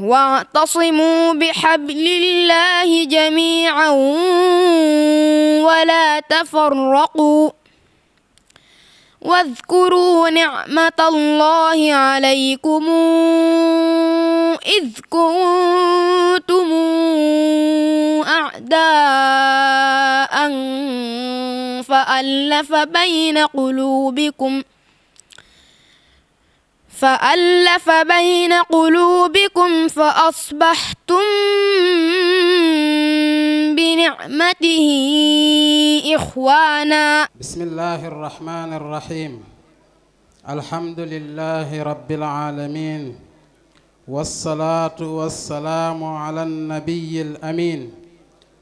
واعتصموا بحبل الله جميعا ولا تفرقوا واذكروا نعمة الله عليكم إذ كنتم أعداء فألف بين قلوبكم ۖ فألف بين قلوبكم فأصبحتم بنعمته إخوانا بسم الله الرحمن الرحيم الحمد لله رب العالمين والصلاة والسلام على النبي الأمين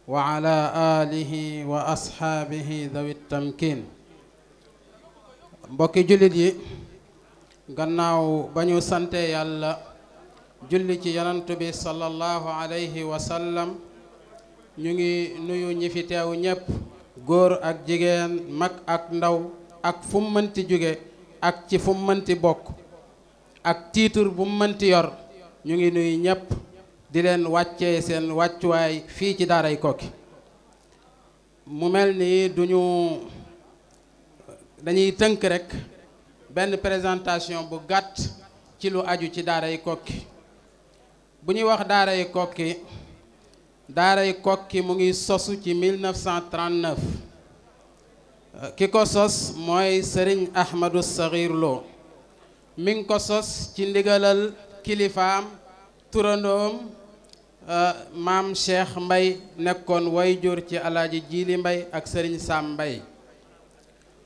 وعلى آله وأصحابه ذوي التمكين mbokki jullit yi gannaaw ba ñu sante yàlla julli ci yonent bi sallallahu alayhi wa ñu ngi nuyu ñi fi teew ñépp góor ak jigéen mag ak ndaw ak fu mënti jóge ak ci fu mënti bokk ak tiitur bu mënti yor ñu ngi nuyu ñépp di leen wàccee seen wàccuwaay fii ci daaray Koki mu mel ni duñu dañuy tënk rekk benn présentation bu gàtt ci lu aju ci daaray kokki bu ñuy wax daaray kokki daaray kokki mu ngi sosu ci 1939 ki ko sos mooy sëriñ ahmadu saxiir loo mi ngi ko sos ci ndigalal kilifaam turandoom euh, maam cheikh mbay nekkoon way jur ci alaaji jiili mbay ak sëriñ sam mbay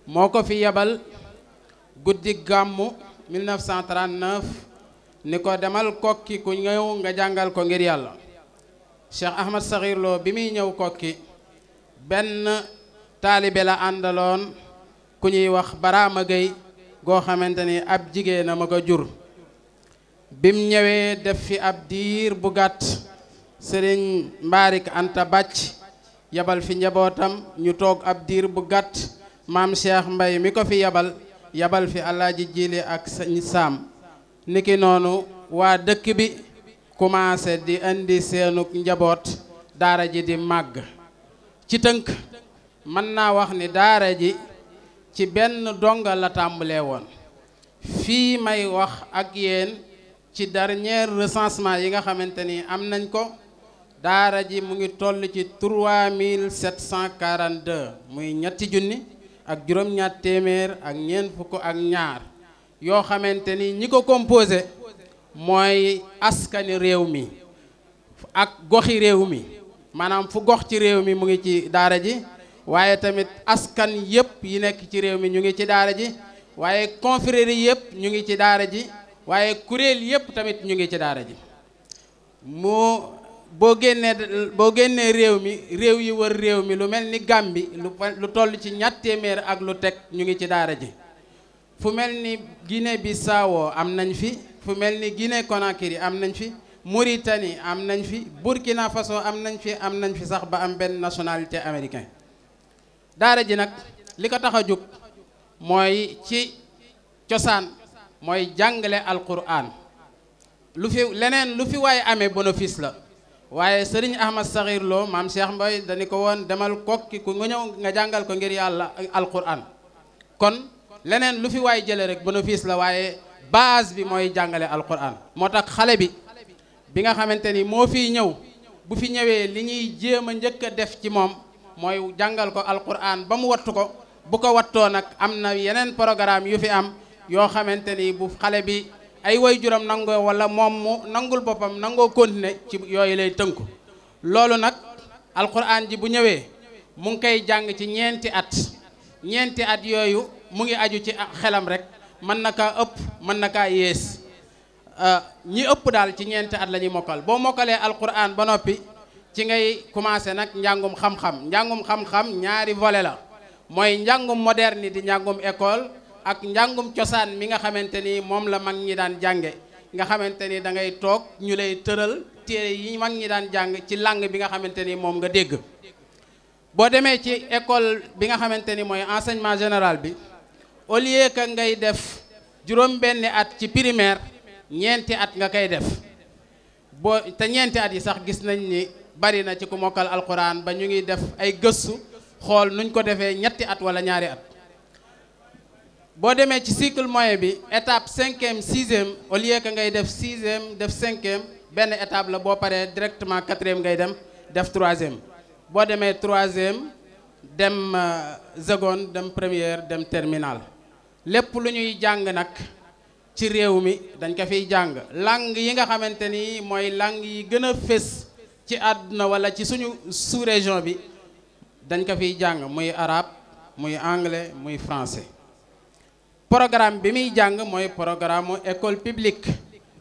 moo ko fi yebal guddi gàmmu 1939 ni ko demal kokki ku ñëw nga jàngal ko ngir yàlla Cheikh Ahmad Saxiir bi muy ñëw kokki benn taalibe la àndaloon ku ñuy wax Baraama Géy goo xamante ni ab jigéen a ma ko jur bim ñëwee def fi ab diir bu gàtt sëriñ mbaarik anta bàcc yabal fi njabootam ñu toog ab diir bu gàtt maam Cheikh Mbay mi ko fi yabal yabal fi alaaji jili ak sañ saam niki noonu waa dëkk bi commencé di indi seenu njaboot daara ji di màgg ci tënk mën naa wax ni daara ji ci benn donga la tàmbalee woon fii may wax ak yéen ci dernier recensement yi nga xamante ni am nañ ko daara ji mu ngi toll ci 3742 muy ñetti junni ak juróom-ñaar téeméer ak ñeent fukk ak ñaar yoo xamante ni ñi ko composé mooy askani réew mi ak goxi réew mi maanaam fu gox ci réew mi mu ngi ci daara ji waaye tamit askan yëpp yi nekk ci réew mi ñu ngi ci daara ji waaye confrérie yëpp ñu ngi ci daara ji waaye kuréel yëpp tamit ñu ngi ci daara ji mu boo génnee réew mi réew yi wër réew mi lu mel ni Gàmbi lu lu toll ci ñatt téeméer ak lu teg ñu ngi ci daara ji fu mel ni Guinée Bissau am nañ fi fu mel ni Guinée yi am nañ fi Mauritanie am nañ fi Burkina Faso am nañ fi am nañ fi sax ba am benn nationalité américain daara ji nag li ko tax a jóg mooy ci cosaan mooy jàngale alquran lu fi leneen lu fi waaye amee bénéfice la waaye sëriñ ahmad saxiir maam cheikh mbay dañu ko woon demal kokki ku nga ñëw nga jàngal ko ngir yàlla alquran kon leneen lu fi waay jële rek bénéfice la waaye base bi mooy jàngale alquran moo tax xale bi bi nga xamante ni moo fiy ñëw bu fi ñëwee li ñuy jéem a njëkk a def ci moom mooy jàngal ko alquran ba mu wattu ko bu ko wattoo nag am na yeneen programme yu fi am yoo xamante ni bu xale bi ay way juram nangoo wala moom mu nangul boppam nangoo continuer ci yooyu lay tënku loolu nag alquran ji bu ñëwee mu ngi koy jàng ci ñeenti at ñeenti at yooyu mu ngi aju ci xelam rek mën na kaa ëpp mën na kaa yées euh, ñi ëpp daal ci ñeenti at la ñuy mokkal boo mokkalee alquran ba noppi ci ngay commencé nag njàngum xam-xam njàngum xam-xam ñaari vole la mooy njàngum moderne di njàngum école ak njàngum cosaan mi nga xamante ni moom la mag ñi daan jànge nga xamante ni da ngay toog ñu lay tëral téere yi mag ñi daan jàng ci langue bi nga xamante ni moom nga dégg boo demee ci école bi nga xamante ni mooy enseignement général bi au lieu que ngay def juróom-benni at ci primaire ñeenti at nga koy def boo te ñeenti at yi sax gis nañ ni bari na ci ku mokkal alquran ba ñu ngi def ay gëstu xool nuñ ko defee ñetti at wala ñaari at boo demee ci cycle moyen bi étape cinquième sixième au lieu que ngay def sixième def cinquième benn étape la boo paree directement quatrième ngay dem def troisième boo demee troisième dem euh, seconde dem première dem terminal lépp lu ñuy jàng nag ci réew mi dañ ko fiy jàng langue yi nga xamante ni mooy langue yi gën a fés ci àdduna wala ci suñu sous-région bi dañ ko fiy jàng muy arab muy anglais muy français programme bi muy jàng mooy programme école publique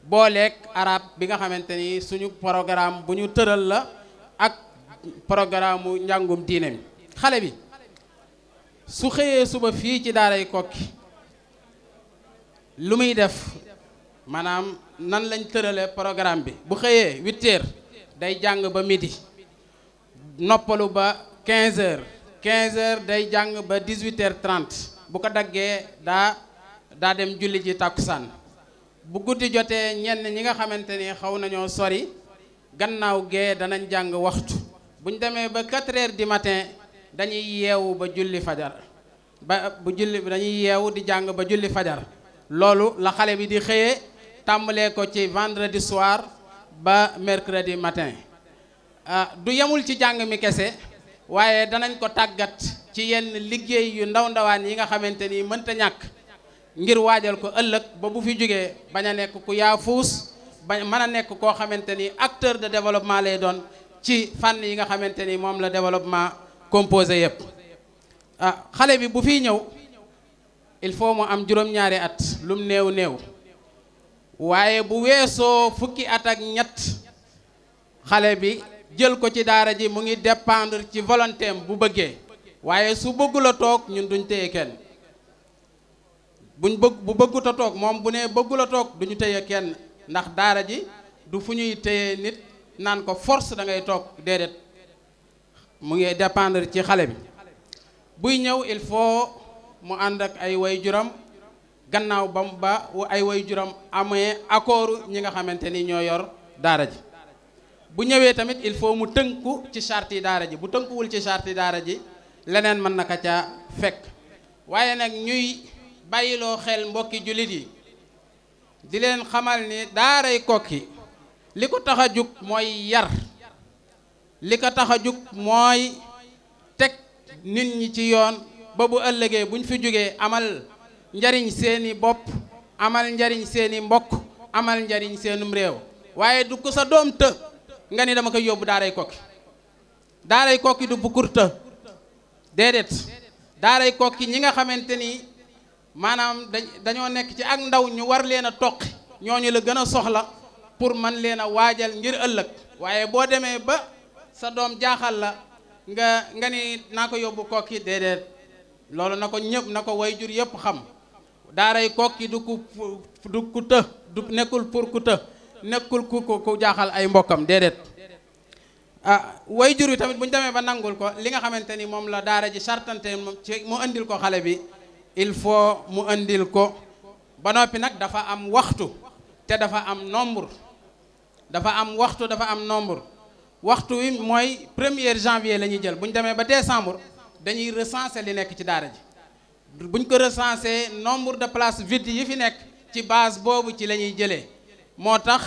booleek arabe bi nga xamante ni suñu programme bu ñu tëral la ak programme mu njàngum diine mi xale bi su xëyee suba fii ci daaray kokki lu muy def maanaam nan lañ tëralee programme bi bu xëyee huit day jàng ba midi noppalu ba quinze heures quinze day jàng ba dix-huit bu ko daggee daa daa dem julli ji tàkkusaan bu guddi jotee ñenn ñi nga xamante ni xaw nañoo sori gannaaw gee danañ jàng waxtu buñ demee ba 4 heures matin dañuy yeewu ba julli fajar ba bu julli dañuy yeewu di jàng ba julli fajar loolu la xale bi di xëyee tàmbalee ko ci vendredi soir ba mercredi matin ah, du yemul ci jàng mi kese waaye danañ ko tàggat ci yenn liggéey yu ndaw ndawaan yi nga xamante ni mënta ñàkk ngir waajal ko ëllëg ba bu fi jógee bañ a nekk ku yaafuus ba mën a nekk koo xamante ni acteur de développement lay doon ci fànn yi nga xamante ni moom la développement composé yëpp ah, xale bi bu fiy ñëw il faut mu am juróom-ñaari at lum néew néew waaye bu weesoo fukki at ak ñett xale bi jël ko ci daara ji mu ngi dependre ci volonté bu bëggee waaye su bëggul a toog ñun duñ téye kenn buñ bëgg bu bëggut a toog moom bu ne bëggul a toog duñu tëye kenn ndax daara ji du fu ñuy téye nit naan ko force da ngay toog déedéet mu ngi dépendre ci xale bi buy ñëw il faut mu ànd ak ay way juram gannaaw ba mu ba ay way juram amee accord ñi nga xamante ni ñoo yor daara ji bu ñëwee tamit il faut mu tënku ci sarti daara ji bu tënkuwul ci charte daara ji leneen mën na ko ca fekk waaye nag ñuy bàyyiloo xel mbokki jullit yi di leen xamal ni daaray kokki li ko tax a jug mooy yar li ko tax a jug mooy teg nit ñi ci yoon ba bu ëllëgee buñ fi jógee amal njariñ seeni bopp amal njariñ seeni mbokk amal njariñ seenum réew waaye du ko sa doom të nga ni dama koy yóbbu daaray kokki daaray kokki du bukur déedéet daaray kokki ñi nga xamante ni maanaam dañoo nekk ci ak ndaw ñu war leen a toqi ñooñu la gën a soxla pour man leen a waajal ngir ëllëg waaye boo demee ba sa doom jaaxal la nga nga ni naa ko yóbbu kokki déedéet loolu na ko ñëpp na ko way jur yëpp xam daaray kokki du ku du ku të du nekkul pour ku të nekkul ku ko ku jaaxal ay mbokkam déedéet ah way jur wi tamit bu ñu demee ba nangul ko li nga xamante ni moom la daara ji sartante ci mu indil ko xale bi il faut mu indil ko ba noppi nag dafa am waxtu te dafa am nombre dafa am waxtu dafa am nombre waxtu wi mooy premier janvier la ñuy jël bu ñu demee ba décembre dañuy recenser li nekk ci daara ji buñ ko recenser nombre de place vides yi fi nekk ci base boobu ci la ñuy jëlee moo tax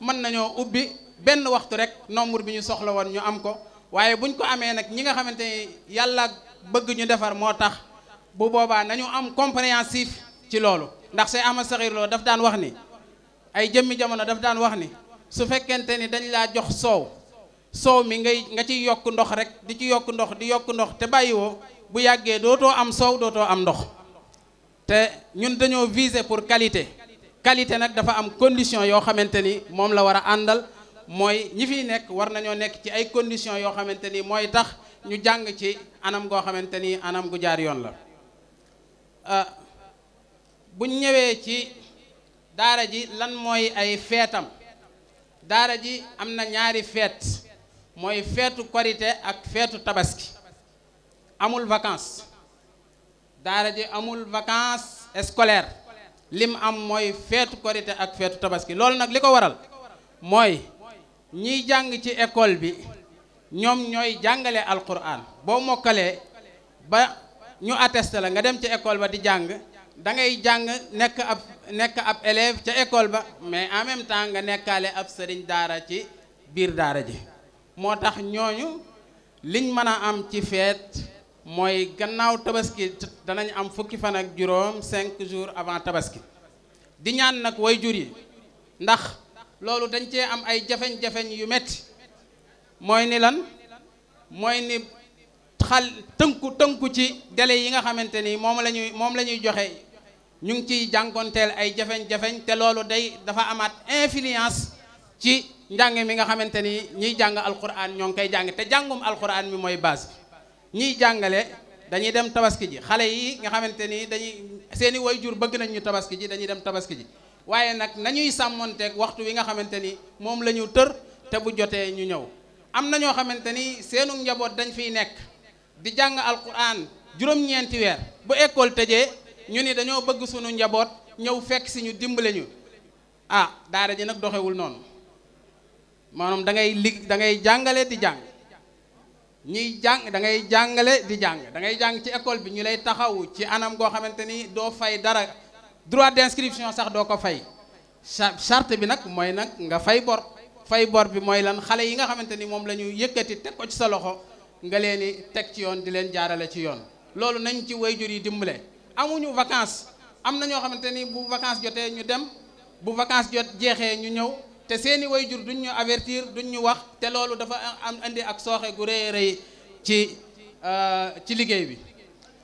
mën nañoo ubbi benn waxtu rek nombre bi ñu soxla woon ñu am ko waaye bu ñu ko amee nag ñi nga xamante ni yàlla bëgg ñu defar moo tax bu boobaa nañu am compréhensif ci loolu ndax say Ahmad Saxiir Lo daf daan wax ni ay jëmmi jamono daf daan wax ni su fekkente ni dañ laa jox soow soow mi nga nga ciy yokk ndox rek di ci yokk ndox di yokk ndox te bàyyiwoo bu yàggee dootoo am soow dootoo am ndox te ñun dañoo viser pour qualité qualité nag dafa am condition yoo xamante ni moom la war a àndal mooy ñi fiy nekk war nañoo nekk ci ay conditions yoo xamante ni mooy tax ñu jàng ci anam goo xamante ni anam gu jaar yoon la euh, buñ ñëwee ci daara ji lan mooy ay feetam daara ji am na ñaari feet mooy feetu korite ak feetu tabaski amul vacances daara ji amul vacances scolaires lim am mooy feetu korite ak feetu tabaski loolu nag li ko waral mooy ñiy jàng ci école bi ñoom ñooy jàngale alquran boo mokkalee ba ñu attesté la nga dem ci école ba di jàng da ngay jàng nekk ab nekk ab élève ca école ba mais en même temps nga nekkaale ab sëriñ daara ci biir daara ji moo tax ñooñu liñ mën a am ci feet mooy gannaaw tabaski danañ am fukki fan ak juróom cinq jours avant tabaski di ñaan nag way jur yi ndax loolu dañ cee am ay jafeñ-jafeñ yu metti mooy ni lan mooy ni xal tënku tënku ci délai yi nga xamante ni moom la ñuy moom la ñuy joxe ñu ngi ciy jànkonteel ay jafeñ-jafeñ te loolu day dafa amaat influence ci njàng mi nga xamante ni ñiy jàng alquran ñoo ngi koy jàng te jàngum alquran mi mooy baas bi ñiy jàngale dañuy dem tabaski ji xale yi nga xamante ni dañuy seeni way jur bëgg nañ ñu tabaski ji dañuy dem tabaski ji waaye nag nañuy sàmmonteeg waxtu wi nga xamante ni moom la tër te bu jotee ñu ñëw am na ñoo xamante ni seenu njaboot dañ fiy nekk di jàng alquran juróom-ñeenti weer bu école tëjee ñu ni dañoo bëgg suñu njaboot ñëw fekk si ñu dimbale ñu ah daara ji nag doxewul noonu maanaam dangay ngay dangay jàngale di jàng ñuy jàng da jàngale di jàng da ngay jàng ci école bi ñu lay taxawu ci anam goo xamante ni doo fay dara droit d'inscription sax doo ko fay charte bi nag mooy nag nga fay bor fay bor bi mooy lan xale yi nga xamante ni moom la ñu yëkkati teg ko ci sa loxo nga leen teg ci yoon di leen jaarale ci yoon loolu nañ ci way jur yi dimbale amuñu vacances am na ñoo xamante ni bu vacances jotee ñu dem bu vacances jot jeexee ñu ñëw te seeni way jur duñ ñu avertir duñ ñu wax te loolu dafa am indi ak sooxe gu rëy rëy ci euh, ci liggéey bi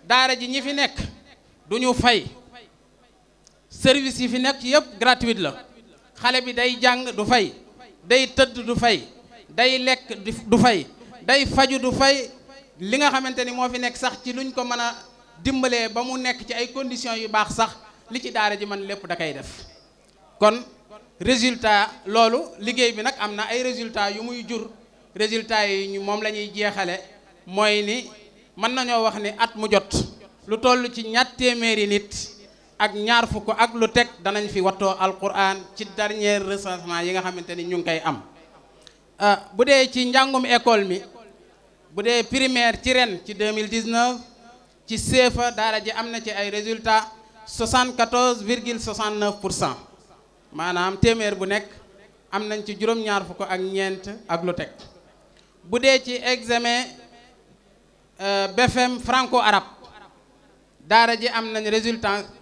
daara ji ñi fi nekk duñu fay service yi fi nekk yëpp gratuite la xale bi day jàng du fay day tëdd du fay day lekk du fay day faju du fay li nga xamante ni moo fi nekk sax ci lu luñ ko mën a dimbalee ba mu nekk ci ay conditions yu baax sax li ci daara ji man lépp da koy def kon résultat loolu liggéey bi nag am na ay résultats yu muy jur résultats yi ñu moom la ñuy jeexale mooy ni mën nañoo wax ni at mu jot lu toll ci ñatt téeméeri nit ak ñaar fukk ak lu teg danañ fi wattoo alquran ci dernier recensement yi nga xamante ni ñu ngi koy am euh, bu dee ci njàngum école mi bu dee primaire ci ren ci 2019 ci CFA daara ji am na ci ay résultats 74 virgule 69 pour cent maanaam téeméer bu nekk am nañ ci juróom-ñaar fukk ak ñeent ak lu teg bu dee ci examen euh, BFM franco arabe daara ji am nañ résultat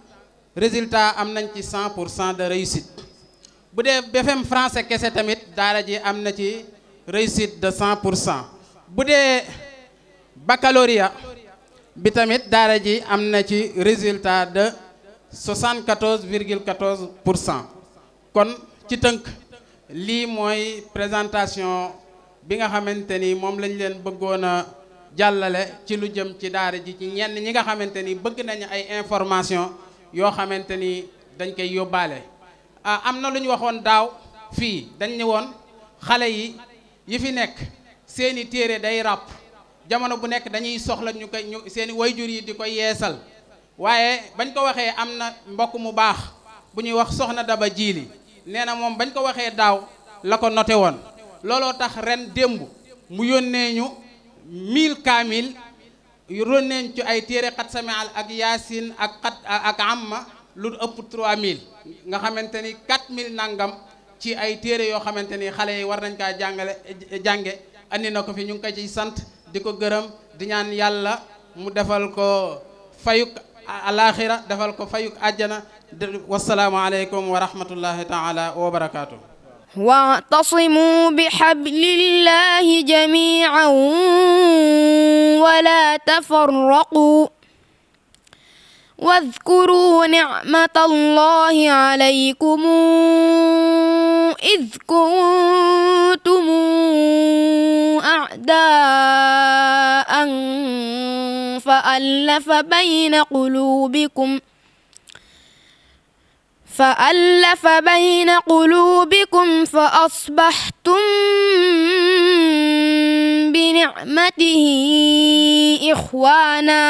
résultat am nañ ci 100 pour cent de réussite bu dee BFM français kese tamit daara ji am na ci réussite de 100 pour cent bu dee baccalauréat bi tamit daara ji am na ci résultat de 74 virgule 14 pour cent kon ci tënk lii mooy présentation bi nga xamante ni moom lañ leen bëggoon a jàllale ci lu jëm ci daara ji ci ñenn ñi nga xamante ni bëgg nañu ay information yoo xamante ni dañ koy yóbbaale ah am na lu ñu waxoon daaw fii dañ ne woon xale yi yi fi nekk seeni téere day ràpp jamono bu nekk dañuy soxla ñu koy ñu seeni wayjur yi di ko yeesal waaye bañ ko waxee am na mbokk mu baax bu ñuy wax soxna daba jiili nee na moom bañ ko waxee daaw la ko note woon looloo tax ren démb mu yónnee ñu 1000 kaamil yoroon nañ ci ay téere xat samial ak yaasin ak xat ak amma lu ëpp 3000 nga xamante ni mille nangam ci ay téere yoo xamante ni xale yi war nañ kaa jàngale jànge andi na ko fi ñu ngi ko ci sant di ko gërëm di ñaan yàlla mu defal ko fayuk alaaxira defal ko fayuk àjjana wasalaamualeykum wa rahmatullahi taala wa barakaatu. واعتصموا بحبل الله جميعا ولا تفرقوا واذكروا نعمة الله عليكم إذ كنتم أعداء فألف بين قلوبكم ۖ فألف بين قلوبكم فأصبحتم بنعمته إخوانا